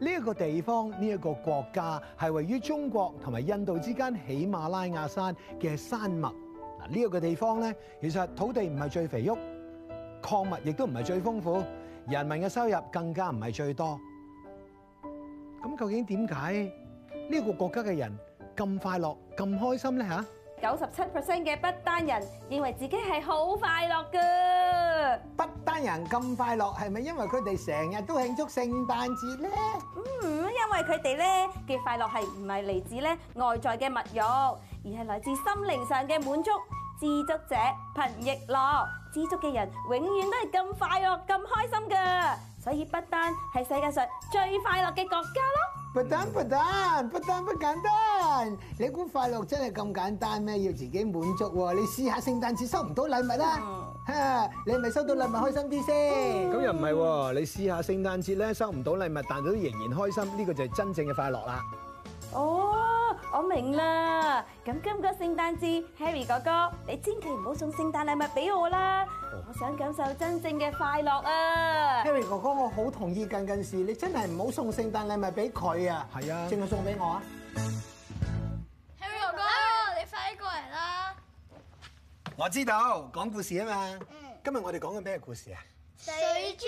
呢一個地方，呢一個國家係位於中國同埋印度之間喜馬拉雅山嘅山脈。嗱，呢一個地方咧，其實土地唔係最肥沃，礦物亦都唔係最豐富，人民嘅收入更加唔係最多。咁究竟點解呢個國家嘅人咁快樂、咁開心咧？嚇，九十七 percent 嘅不丹人認為自己係好快樂㗎。班人咁快樂，係咪因為佢哋成日都慶祝聖誕節呢？嗯，因為佢哋咧嘅快樂係唔係嚟自咧外在嘅物欲，而係來自心靈上嘅滿足。知足者貧亦樂，知足嘅人永遠都係咁快樂、咁開心㗎。所以不單係世界上最快樂嘅國家咯。不單不單，不單不簡單，你估快樂真係咁簡單咩？要自己滿足喎，你試下聖誕節收唔到禮物啦，嚇，你咪收到禮物開心啲先。咁又唔係喎，你試下聖誕節咧收唔到禮物，但係都仍然開心，呢個就係真正嘅快樂啦。哦。我明啦，咁今個聖誕節，Harry 哥哥你千祈唔好送聖誕禮物俾我啦，我想感受真正嘅快樂啊！Harry 哥哥我好同意，近近事，你真係唔好送聖誕禮物俾佢啊，係啊，淨係送俾我啊！Harry 哥哥，近近你，啊啊啊哥 Harry，你快啲過嚟啦！我知道，講故事啊嘛，嗯、今日我哋講緊咩故事啊？水珠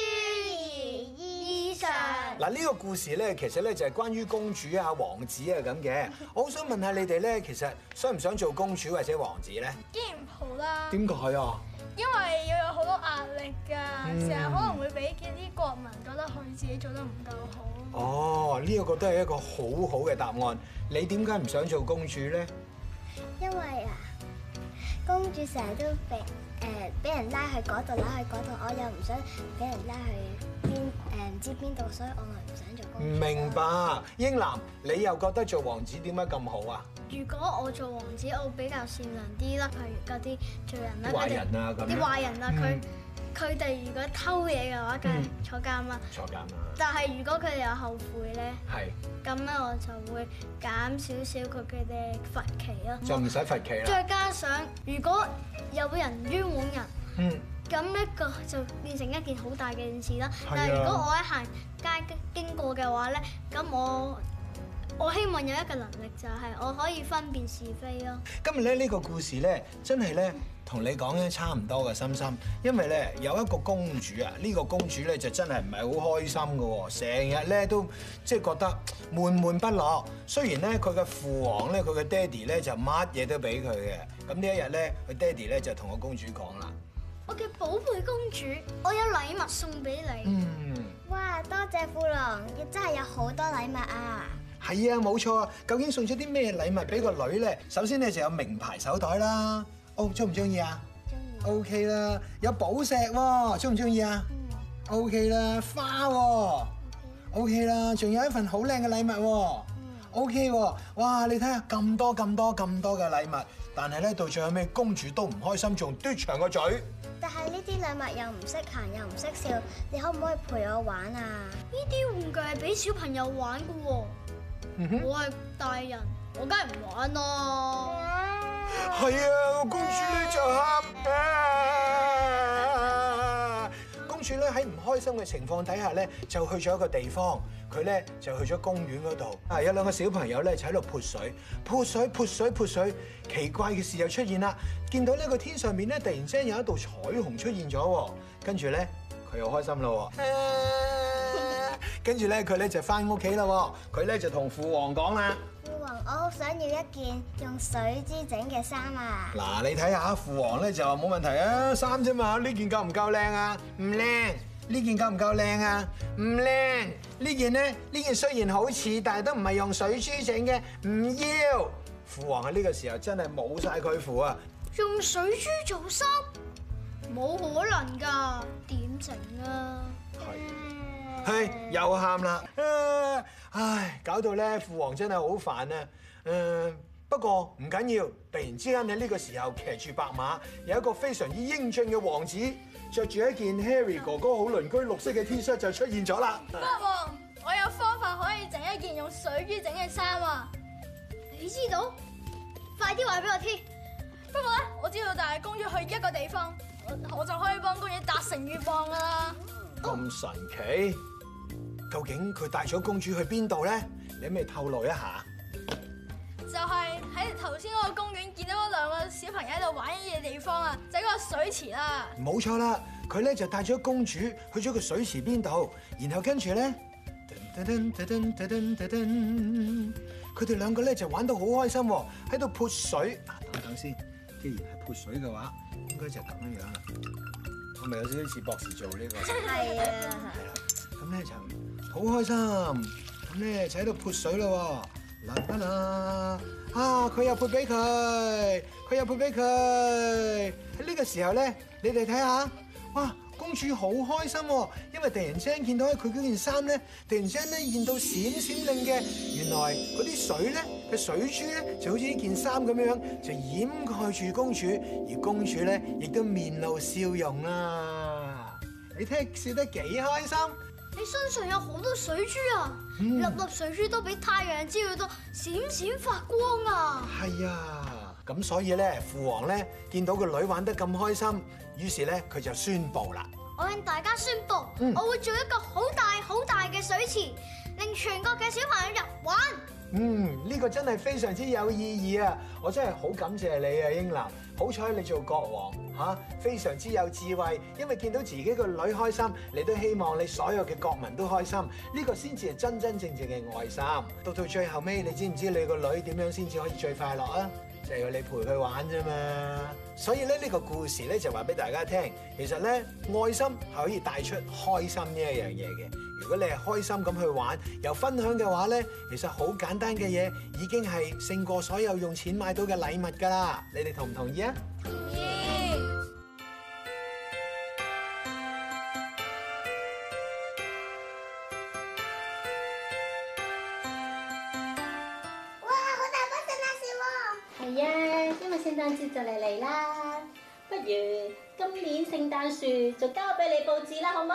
兒。嗱，呢個故事咧，其實咧就係關於公主啊、王子啊咁嘅。我好想問下你哋咧，其實想唔想做公主或者王子咧？既然唔好啦。點解啊？因為要有好多壓力㗎，成日可能會俾一啲國民覺得佢自己做得唔夠好。哦，呢個都係一個好好嘅答案。你點解唔想做公主咧？因為啊，公主成日都肥。誒，俾人拉去嗰度、拉去嗰度，我又唔想俾人拉去邊誒，唔知邊度，所以我咪唔想做。唔明白，英男，你又覺得做王子點解咁好啊？如果我做王子，我會比較善良啲啦，譬如嗰啲做人啦，嗰啲壞人啊，佢、啊。嗯他佢哋如果偷嘢嘅話，梗係坐監啦。嗯、坐監啦。但係如果佢哋有後悔咧，係咁咧，我就會減少少佢哋嘅罰期咯。就唔使罰期啦。再加上，如果有人冤枉人，嗯，咁呢個就變成一件好大嘅件事啦。但係、就是、如果我喺行街經經過嘅話咧，咁我。我希望有一個能力就係、是、我可以分辨是非咯。今日咧呢個故事咧真係咧同你講咧差唔多嘅心心，因為咧有一個公主啊，呢、這個公主咧就真係唔係好開心嘅，成日咧都即係覺得悶悶不樂。雖然咧佢嘅父王咧佢嘅爹哋咧就乜嘢都俾佢嘅，咁呢一日咧佢爹哋咧就同個公主講啦，我嘅寶貝公主，我有禮物送俾你嗯。嗯，哇，多謝父王，亦真係有好多禮物啊！係啊，冇錯啊！究竟送咗啲咩禮物俾個女咧？首先咧就有名牌手袋啦，哦，中唔中意啊？中意。O K 啦，有寶石喎，中唔中意啊？嗯。O K 啦，花喎、哦。O K 啦，仲有一份好靚嘅禮物喎、哦。嗯。O K 喎，哇！你睇下咁多咁多咁多嘅禮物，但係咧到最後尾公主都唔開心，仲嘟長個嘴。但係呢啲禮物又唔識行又唔識笑，你可唔可以陪我玩啊？呢啲玩具係俾小朋友玩㗎喎。我係大人，我梗係唔玩囉。係啊，公主呢就喊。公主呢喺唔開心嘅情況底下呢，就去咗一個地方。佢呢就去咗公園嗰度。啊，有兩個小朋友呢就喺度潑水，潑水潑水潑水，潑水。奇怪嘅事又出現啦，見到呢個天上面呢突然之間有一道彩虹出現咗，跟住呢佢又開心啦。啊跟住咧，佢咧就翻屋企啦。佢咧就同父王講啦。父王，我好想要一件用水珠整嘅衫啊！嗱，你睇下，父王咧就話冇問題啊，衫啫嘛。呢件夠唔夠靚啊？唔靚。呢件夠唔夠靚啊？唔靚。呢件咧，呢件雖然好似，但係都唔係用水珠整嘅。唔要。父王喺呢個時候真係冇晒佢符啊。用水珠做衫，冇可能噶。點整啊？係。佢又喊啦！唉，搞到咧父王真係好煩啊！誒，不過唔緊要，突然之間喺呢個時候騎住白馬，有一個非常之英俊嘅王子，着住一件 Harry 哥哥好鄰居綠色嘅 T 恤就出現咗啦！父王，我有方法可以整一件用水珠整嘅衫啊！你知道？快啲話俾我聽！不過咧，我知道大公主去一個地方，我就可以幫公主達成願望噶啦！咁神奇？究竟佢帶咗公主去邊度咧？你可唔可以透露一下？就係喺頭先嗰個公園見到嗰兩個小朋友喺度玩嘢嘅地方啊，就係、是、嗰個水池啦。冇錯啦，佢咧就帶咗公主去咗個水池邊度，然後跟住咧，佢哋兩個咧就玩得好開心喎，喺度潑水。等等先，既然係潑水嘅話，應該就係咁樣樣啦。係咪有少少似博士做呢、這個？係啊，係啦，咁咧就。好開心，咁咧就喺度潑水咯，難得啦，啊佢又潑俾佢，佢又潑俾佢。喺呢個時候咧，你哋睇下，哇，公主好開心，啊，因為突然之間見到佢嗰件衫咧，突然之間咧現到閃閃亮嘅，原來嗰啲水咧嘅水珠咧就好似呢件衫咁樣，就掩蓋住公主，而公主咧亦都面露笑容啊你！你睇笑得幾開心。你身上有好多水珠啊，嗯、粒粒水珠都俾太陽照到，閃閃發光啊！係啊，咁所以咧，父王咧見到個女玩得咁開心，於是咧佢就宣布啦，我向大家宣布，嗯，我會做一個好大好大嘅水池，令全國嘅小朋友入玩。嗯，呢個真係非常之有意義啊！我真係好感謝你啊，英男。好彩你做國王，啊，非常之有智慧，因為見到自己個女開心，你都希望你所有嘅國民都開心。呢個先至係真真正正嘅愛心。到到最後尾，你知唔知你個女點樣先至可以最快樂啊？就係要你陪佢玩啫嘛。所以咧，呢個故事咧就話俾大家聽，其實咧，愛心係可以帶出開心呢一樣嘢嘅。如果你係開心咁去玩，又分享嘅話咧，其實好簡單嘅嘢已經係勝過所有用錢買到嘅禮物噶啦！你哋同唔同意啊？同意。哇！好大棵聖誕樹喎！啊！係啊，因為聖誕節就嚟嚟啦，不如今年聖誕樹就交俾你佈置啦，好唔好？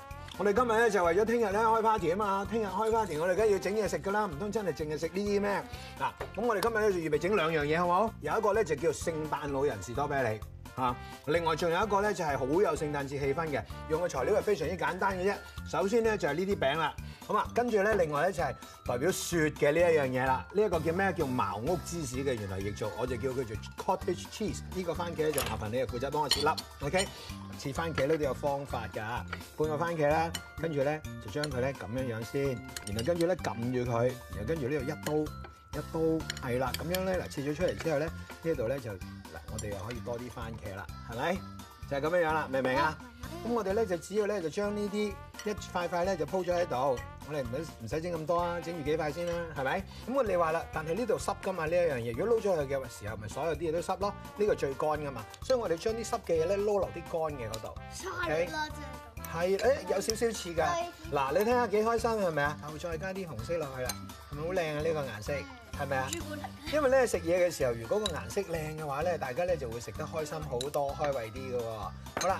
我哋今日呢，就為咗聽日呢開 party 啊嘛，聽日開 party，我哋梗係要整嘢食㗎啦，唔通真係淨係食呢啲咩？嗱，咁我哋今日呢，就預備整兩樣嘢，好唔好？有一個呢，就叫聖誕老人士多啤梨。啊！另外仲有一個咧，就係、是、好有聖誕節氣氛嘅，用嘅材料係非常之簡單嘅啫。首先咧就係呢啲餅啦，好嘛？跟住咧另外咧就係、是、代表雪嘅呢一樣嘢啦。呢、這、一個叫咩？叫茅屋芝士嘅原來亦做，我就叫佢做 cottage cheese。呢個番茄咧就麻凡麻煩你係負責幫我切粒，OK？切番茄呢，都有方法㗎，半個番茄啦，跟住咧就將佢咧咁樣樣先，然後跟住咧撳住佢，然後跟住呢度一刀。一刀係啦，咁樣咧嗱，切咗出嚟之後咧，這裏呢度咧就嗱，我哋又可以多啲番茄啦，係咪？就係、是、咁樣樣啦，明唔明啊？咁、嗯嗯、我哋咧就只要咧就將呢啲一塊塊咧就鋪咗喺度，我哋唔好唔使整咁多啊，整、嗯、住幾塊先啦，係咪？咁我哋話啦，但係呢度濕噶嘛呢一樣嘢，如果撈咗去嘅時候，咪所有啲嘢都濕咯，呢、呢個最乾噶嘛，所以我哋將啲濕嘅嘢咧撈落啲乾嘅嗰度，係，係、okay? 誒有少少似噶，嗱你睇下幾開心係咪、嗯、啊？又再加啲紅色落去啦，係咪好靚啊？呢個顏色。嗯係咪啊？因為咧食嘢嘅時候，如果個顏色靚嘅話咧，大家咧就會食得開心好多，開胃啲嘅喎。好啦，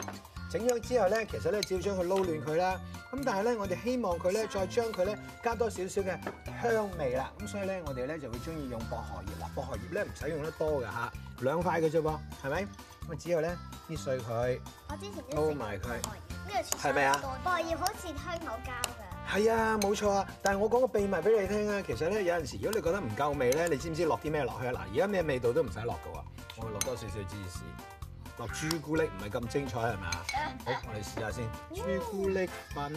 整咗之後咧，其實咧只要將佢撈亂佢啦。咁但係咧，我哋希望佢咧再將佢咧加多少少嘅香味啦。咁所以咧，我哋咧就會中意用薄荷葉。薄荷葉咧唔使用得多㗎吓，兩塊嘅啫噃，係咪？咁之後咧，搣碎佢，撈埋佢，係咪啊？薄荷葉、這個、好似香口膠㗎。係啊，冇錯啊！但係我講個秘密俾你聽啊，其實咧有陣時，如果你覺得唔夠味咧，你知唔知落啲咩落去啊？嗱，而家咩味道都唔使落㗎喎，我落多少少芝士，落朱古力，唔係咁精彩係咪？好，我哋試下先，嗯、朱古力粉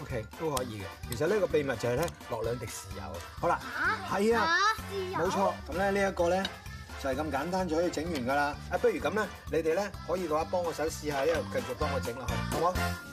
OK 都可以嘅。其實呢個秘密就係咧落兩滴豉油。好啦，係啊，冇錯。咁咧呢一個咧就係咁簡單就可以整完㗎啦。啊，啊這這，不如咁咧，你哋咧可以嘅話幫我手試下，一路繼續幫我整落去。好唔好？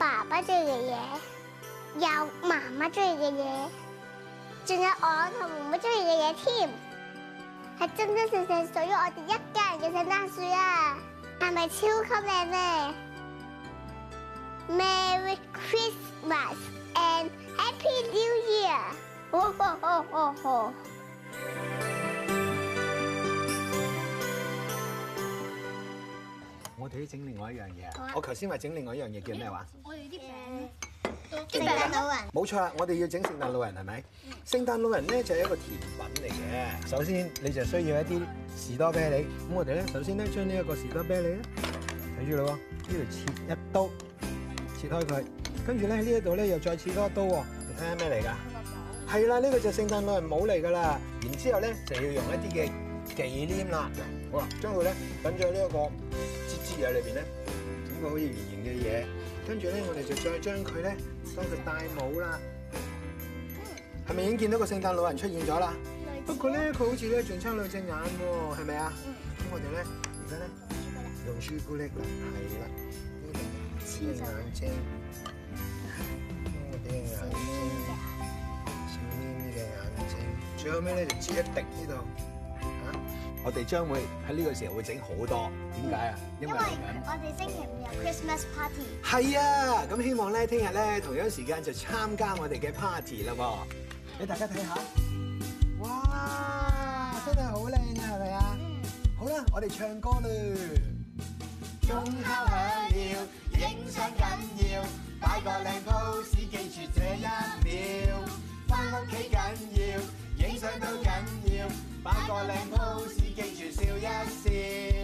爸爸中意嘅嘢，有媽媽中意嘅嘢，仲有我同媽媽中意嘅嘢添。係真真正正屬於我哋一家人嘅聖誕樹啊！係咪超級靚咧？Merry Christmas and Happy New Year！我整另外一樣嘢、啊、我頭先話整另外一樣嘢叫咩話？我哋啲、嗯、聖誕老人冇錯啦！我哋要整聖誕老人係咪？聖誕老人咧就係、是、一個甜品嚟嘅、嗯。首先你就需要一啲士多啤梨咁，嗯、我哋咧首先咧將呢一個士多啤梨咧睇住啦，喎，呢度切一刀切開佢，跟住咧呢一度咧又再切多一刀喎。你睇下咩嚟㗎？係、嗯、啦，呢、這個就聖誕老人帽嚟㗎啦。然之後咧就要用一啲嘅忌廉啦。好啦、啊，將佢咧揾咗呢一、這個。嘢裏邊咧，整個好似圓形嘅嘢，跟住咧，我哋就再將佢咧當佢戴帽啦。係咪已經見到個聖誕老人出現咗啦？不過咧，佢好似咧仲差兩隻眼喎，係咪啊？咁、嗯、我哋咧而家咧用朱古力啦，係啦，黐隻眼睛，黐隻眼睛，小咪咪嘅眼睛，最後尾咧就黐一滴呢度。我哋將會喺呢個時候會整好多，點解啊？因為我哋星期五有 Christmas party。係啊，咁希望咧，聽日咧同一時間就參加我哋嘅 party 啦，俾大家睇下。哇，真係好靚啊，係咪啊？好啦，我哋唱歌啦。鐘敲響要，影相緊要，擺個靚 pose 記住這一秒，返屋企緊要。影相都緊要，把個靚 pose 記住，笑一笑。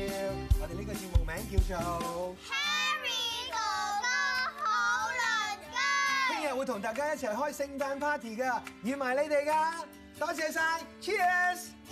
我哋呢個節目名叫做《Harry 哥哥好鄰居》。聽 日樂會同大家一齊開聖誕 party 噶，要埋你哋噶。多謝晒，Cheers！